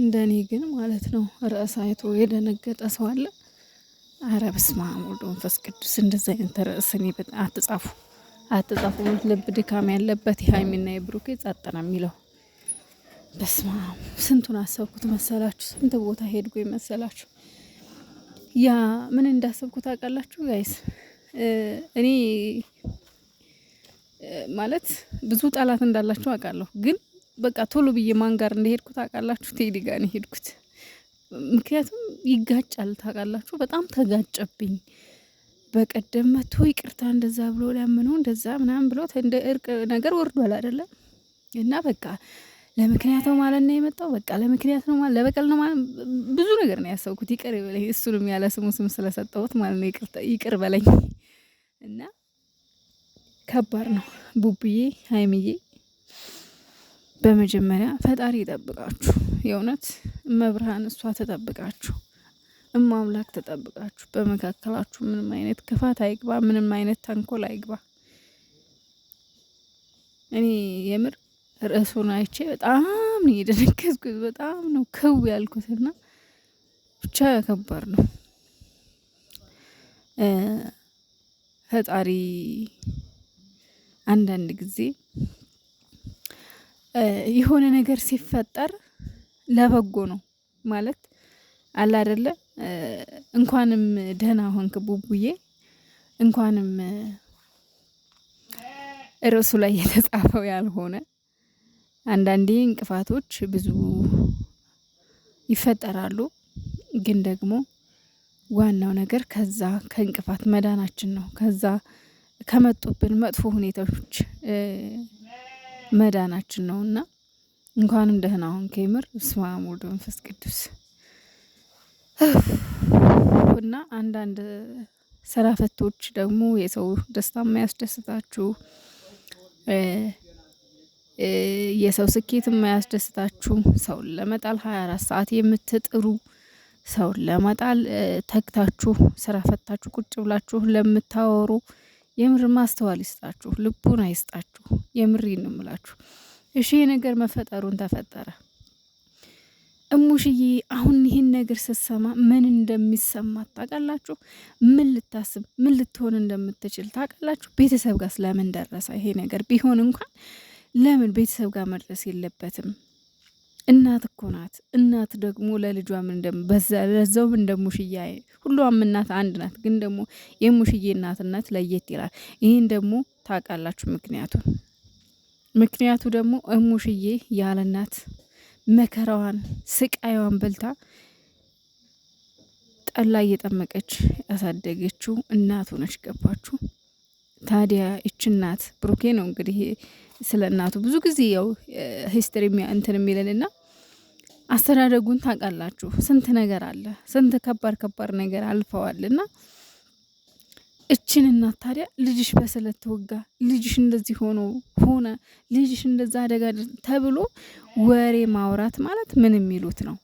እንደኔ ግን ማለት ነው ርዕስ አይቶ የደነገጠ ሰው አለ። አረ በስመ አብ ወወልድ ወመንፈስ ቅዱስ። እንደዚህ አይነት ርዕስ እኔ አትጻፉ አትጻፉ። ልብ ድካም ያለበት የሀይሚና የብሩኬ ጸጥና የሚለው በስመ አብ። ስንቱን አሰብኩት መሰላችሁ? ስንት ቦታ ሄድጎ መሰላችሁ? ያ ምን እንዳሰብኩት አውቃላችሁ ጋይስ? እኔ ማለት ብዙ ጠላት እንዳላችሁ አውቃለሁ ግን በቃ ቶሎ ብዬ ማን ጋር እንደሄድኩ ታውቃላችሁ? ቴዲ ጋር ነው የሄድኩት። ምክንያቱም ይጋጫል ታውቃላችሁ። በጣም ተጋጨብኝ። በቀደም መቶ ይቅርታ እንደዛ ብሎ ለምነው እንደዛ ምናምን ብሎ እንደ እርቅ ነገር ወርዷል አይደለም እና በቃ ለምክንያት ነው ማለት ነው የመጣው። በቃ ለምክንያት ነው ማለት ለበቀል ነው ማለት ብዙ ነገር ነው ያሰብኩት። ይቅር በለኝ፣ እሱንም ያለ ስሙ ስም ስለሰጠሁት ማለት ነው ይቅር በለኝ እና ከባድ ነው ቡብዬ ሀይምዬ በመጀመሪያ ፈጣሪ ይጠብቃችሁ። የእውነት እመብርሃን እሷ ተጠብቃችሁ እማ አምላክ ተጠብቃችሁ በመካከላችሁ ምንም አይነት ክፋት አይግባ፣ ምንም አይነት ተንኮል አይግባ። እኔ የምር ርዕሱን አይቼ በጣም ነው የደነገዝኩት፣ በጣም ነው ክው ያልኩትና ብቻ ከባድ ነው። ፈጣሪ አንዳንድ ጊዜ የሆነ ነገር ሲፈጠር ለበጎ ነው ማለት አለ አይደለ? እንኳንም ደህና ሆንክ ቡቡዬ፣ እንኳንም ርዕሱ ላይ የተጻፈው ያልሆነ አንዳንዴ እንቅፋቶች ብዙ ይፈጠራሉ። ግን ደግሞ ዋናው ነገር ከዛ ከእንቅፋት መዳናችን ነው። ከዛ ከመጡብን መጥፎ ሁኔታዎች መዳናችን ነውና እንኳንም ደህና አሁን ከምር ስማ መንፈስ ቅዱስ እና አንዳንድ ስራ ፈቶች ደግሞ የሰው ደስታ የማያስደስታችሁ የሰው ስኬት የማያስደስታችሁ ሰውን ለመጣል ሀያ አራት ሰዓት የምትጥሩ ሰውን ለመጣል ተግታችሁ ስራ ፈታችሁ ቁጭ ብላችሁ ለምታወሩ የምር ማስተዋል ይስጣችሁ፣ ልቡን አይስጣችሁ የምር እንምላችሁ። እሺ ነገር መፈጠሩን ተፈጠረ። እሙሽዬ አሁን ይህን ነገር ስትሰማ ምን እንደሚሰማት ታውቃላችሁ? ምን ልታስብ ምን ልትሆን እንደምትችል ታውቃላችሁ? ቤተሰብ ጋር ስለምን ደረሰ ይሄ ነገር? ቢሆን እንኳን ለምን ቤተሰብ ጋር መድረስ የለበትም? እናት እኮ ናት። እናት ደግሞ ለልጇ ምን ደሞ በዛው ምን ደሞ ሙሽያ ሁሉም እናት አንድ ናት፣ ግን ደግሞ የሙሽዬ እናትነት ለየት ይላል። ይህን ደግሞ ታውቃላችሁ ምክንያቱ ምክንያቱ ደግሞ እሙሽዬ ያለ እናት መከራዋን ስቃይዋን በልታ ጠላ እየጠመቀች ያሳደገችው እናቱ ነች። ገባችሁ? ታዲያ ይች እናት ብሩኬ ነው እንግዲህ ስለ እናቱ ብዙ ጊዜ ያው ሂስትሪ እንትን ና አስተዳደጉን ታውቃላችሁ። ስንት ነገር አለ፣ ስንት ከባድ ከባድ ነገር አልፈዋል። ና እችን እናት ታዲያ ልጅሽ በስለት ተወጋ፣ ልጅሽ እንደዚህ ሆኖ ሆነ፣ ልጅሽ እንደዛ አደጋ ተብሎ ወሬ ማውራት ማለት ምን የሚሉት ነው?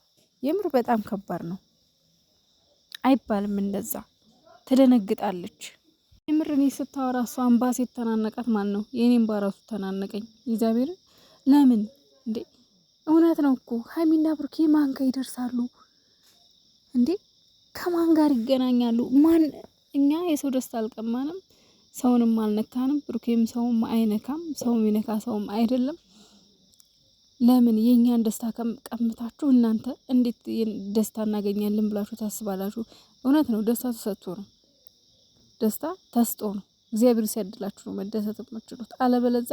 የምር በጣም ከባድ ነው። አይባልም እንደዛ። ትደነግጣለች። የምር እኔ ስታወራ እሷ አምባስ የተናነቃት ማን ነው? የእኔም ባራሱ ተናነቀኝ። እግዚአብሔር ለምን እንዴ? እውነት ነው እኮ ሀይሚና ብሩኬ ማን ጋር ይደርሳሉ እንዴ? ከማን ጋር ይገናኛሉ? ማን እኛ የሰው ደስታ አልቀማንም፣ ሰውንም አልነካንም። ብሩኬም ሰውም አይነካም፣ ሰውም ይነካ ሰውም አይደለም። ለምን የእኛን ደስታ ቀምታችሁ እናንተ እንዴት ደስታ እናገኛለን ብላችሁ ታስባላችሁ? እውነት ነው ደስታ ተሰጥቶ ነው ደስታ ተስጦ ነው። እግዚአብሔር ሲያድላችሁ ነው መደሰት የምትችሉት። አለበለዛ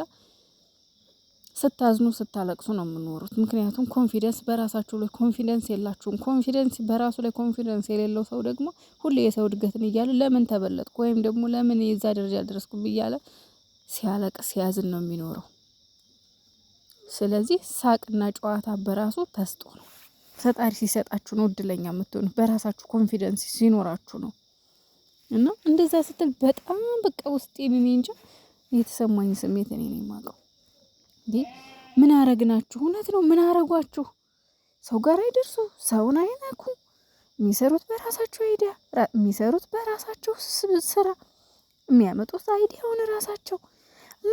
ስታዝኑ ስታለቅሱ ነው የምኖሩት። ምክንያቱም ኮንፊደንስ በራሳችሁ ላይ ኮንፊደንስ የላችሁም። ኮንፊደንስ በራሱ ላይ ኮንፊደንስ የሌለው ሰው ደግሞ ሁሌ የሰው እድገትን እያለ ለምን ተበለጥኩ ወይም ደግሞ ለምን የዛ ደረጃ ደረስኩም እያለ ሲያለቅስ ሲያዝን ነው የሚኖረው። ስለዚህ ሳቅና ጨዋታ በራሱ ተስጦ ነው። ፈጣሪ ሲሰጣችሁ ነው እድለኛ የምትሆኑ። በራሳችሁ ኮንፊደንስ ሲኖራችሁ ነው። እና እንደዛ ስትል በጣም በቃ ውስጤ እኔ እንጃ የተሰማኝ ስሜት እኔ ነው የማውቀው። እንዴ ምን አረግናችሁ? እውነት ነው ምን አረጓችሁ? ሰው ጋር አይደርሱ፣ ሰውን አይነኩ፣ የሚሰሩት በራሳቸው አይዲያ፣ የሚሰሩት በራሳቸው ስራ፣ የሚያመጡት አይዲያውን ራሳቸው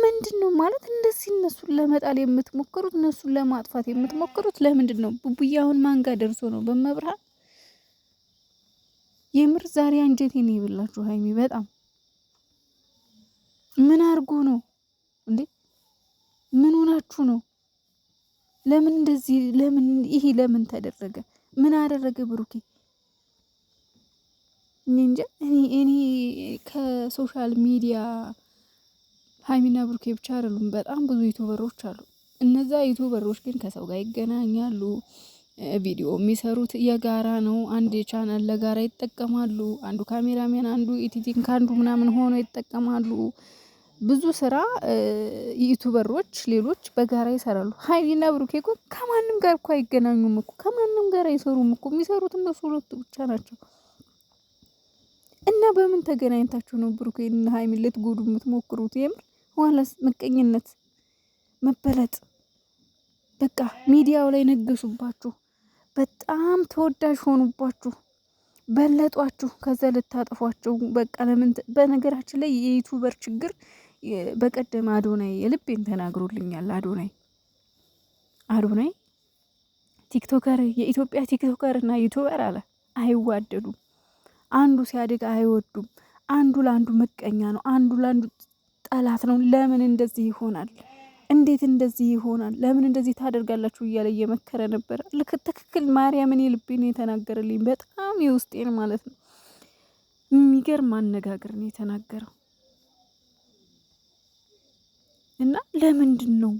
ምንድን ነው ማለት እንደዚህ እነሱን ለመጣል የምትሞክሩት እነሱን ለማጥፋት የምትሞክሩት ለምንድን ነው? ቡቡዬ አሁን ደርሶ ነው በመብርሃን የምር ዛሬ አንጀቴን የበላችሁ ሀይሚ በጣም ምን አድርጎ ነው እንዴ? ምን ሆናችሁ ነው? ለምን እንደዚህ ለምን ይሄ ለምን ተደረገ? ምን አደረገ ብሩኬ? እንጃ እኔ እኔ ከሶሻል ሚዲያ ሀይሚና ብሩኬ ብቻ አይደሉም፣ በጣም ብዙ ዩቱበሮች አሉ። እነዛ ዩቱበሮች ግን ከሰው ጋር ይገናኛሉ። ቪዲዮ የሚሰሩት የጋራ ነው። አንድ ቻናል ለጋራ ይጠቀማሉ። አንዱ ካሜራሜን፣ አንዱ ኢቲቲንግ ከአንዱ ምናምን ሆኖ ይጠቀማሉ። ብዙ ስራ ዩቱበሮች ሌሎች በጋራ ይሰራሉ። ሀይሚና ብሩኬ እኮ ከማንም ጋር እኮ አይገናኙም እኮ ከማንም ጋር አይሰሩም እኮ የሚሰሩት እነሱ ሁለቱ ብቻ ናቸው። እና በምን ተገናኝታችሁ ነው ብሩኬና ሀይሚን ልትጎዱ የምትሞክሩት? የምር ዋላስ ምቀኝነት፣ መበለጥ በቃ ሚዲያው ላይ ነገሱባችሁ። በጣም ተወዳጅ ሆኑባችሁ፣ በለጧችሁ። ከዛ ልታጠፏቸው በቃ ለምን። በነገራችን ላይ የዩቱበር ችግር በቀደም አዶናይ የልቤን ተናግሮልኛል። አዶናይ አዶናይ ቲክቶከር የኢትዮጵያ ቲክቶከር እና ዩቱበር አለ አይዋደዱም። አንዱ ሲያድግ አይወዱም። አንዱ ለአንዱ ምቀኛ ነው። አንዱ ለአንዱ ጠላት ነው። ለምን እንደዚህ ይሆናል? እንዴት እንደዚህ ይሆናል? ለምን እንደዚህ ታደርጋላችሁ? እያለ እየመከረ ነበረ። ልክ ትክክል ማርያምን ልቤን የተናገረልኝ በጣም የውስጤን ማለት ነው። የሚገርም አነጋገር ነው የተናገረው እና ለምንድን ነው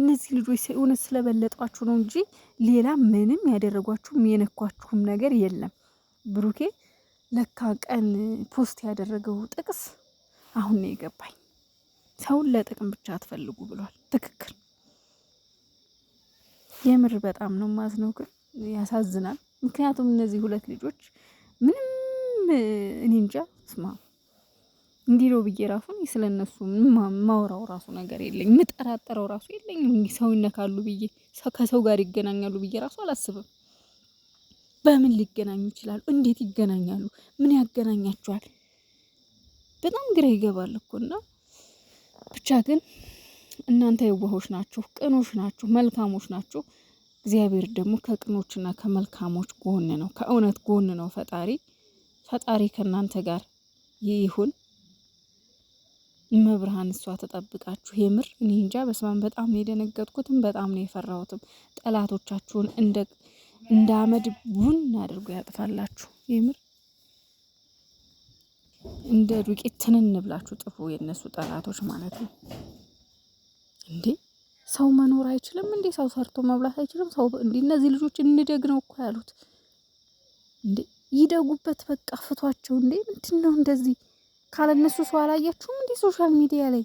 እነዚህ ልጆች እውነት ስለበለጧችሁ ነው እንጂ ሌላ ምንም ያደረጓችሁም የነኳችሁም ነገር የለም። ብሩኬ ለካ ቀን ፖስት ያደረገው ጥቅስ አሁን ነው የገባኝ። ሰውን ለጥቅም ብቻ አትፈልጉ ብሏል። ትክክል። የምር በጣም ነው ማዝነው፣ ግን ያሳዝናል። ምክንያቱም እነዚህ ሁለት ልጆች ምንም እኔ እንጃ ስማ እንዲህ ነው ብዬ ራሱን ስለ እነሱ ማውራው ራሱ ነገር የለኝ የምጠራጠረው ራሱ የለኝም። ሰው ይነካሉ ብዬ ከሰው ጋር ይገናኛሉ ብዬ ራሱ አላስብም። በምን ሊገናኙ ይችላሉ? እንዴት ይገናኛሉ? ምን ያገናኛቸዋል? በጣም ግራ ይገባል እኮ እና ብቻ ግን እናንተ የዋሆች ናችሁ፣ ቅኖች ናችሁ፣ መልካሞች ናችሁ። እግዚአብሔር ደግሞ ከቅኖችና ከመልካሞች ጎን ነው፣ ከእውነት ጎን ነው። ፈጣሪ ፈጣሪ ከእናንተ ጋር ይሁን። መብርሃን እሷ ተጠብቃችሁ። የምር እኔ እንጃ በስማን በጣም ነው የደነገጥኩትም፣ በጣም ነው የፈራሁትም። ጠላቶቻችሁን እንደ አመድ ቡን አድርጎ ያጥፋላችሁ የምር እንደ ዱቄት ትንን ብላችሁ ጥፉ። የእነሱ ጠላቶች ማለት ነው እንዴ! ሰው መኖር አይችልም እንዴ? ሰው ሰርቶ መብላት አይችልም ሰው እንዴ? እነዚህ ልጆች እንደግ ነው እኮ ያሉት እንዴ! ይደጉበት በቃ ፍቷቸው እንዴ! ምንድን ነው እንደዚህ? ካለነሱ ሰው አላያችሁም እንዴ? ሶሻል ሚዲያ ላይ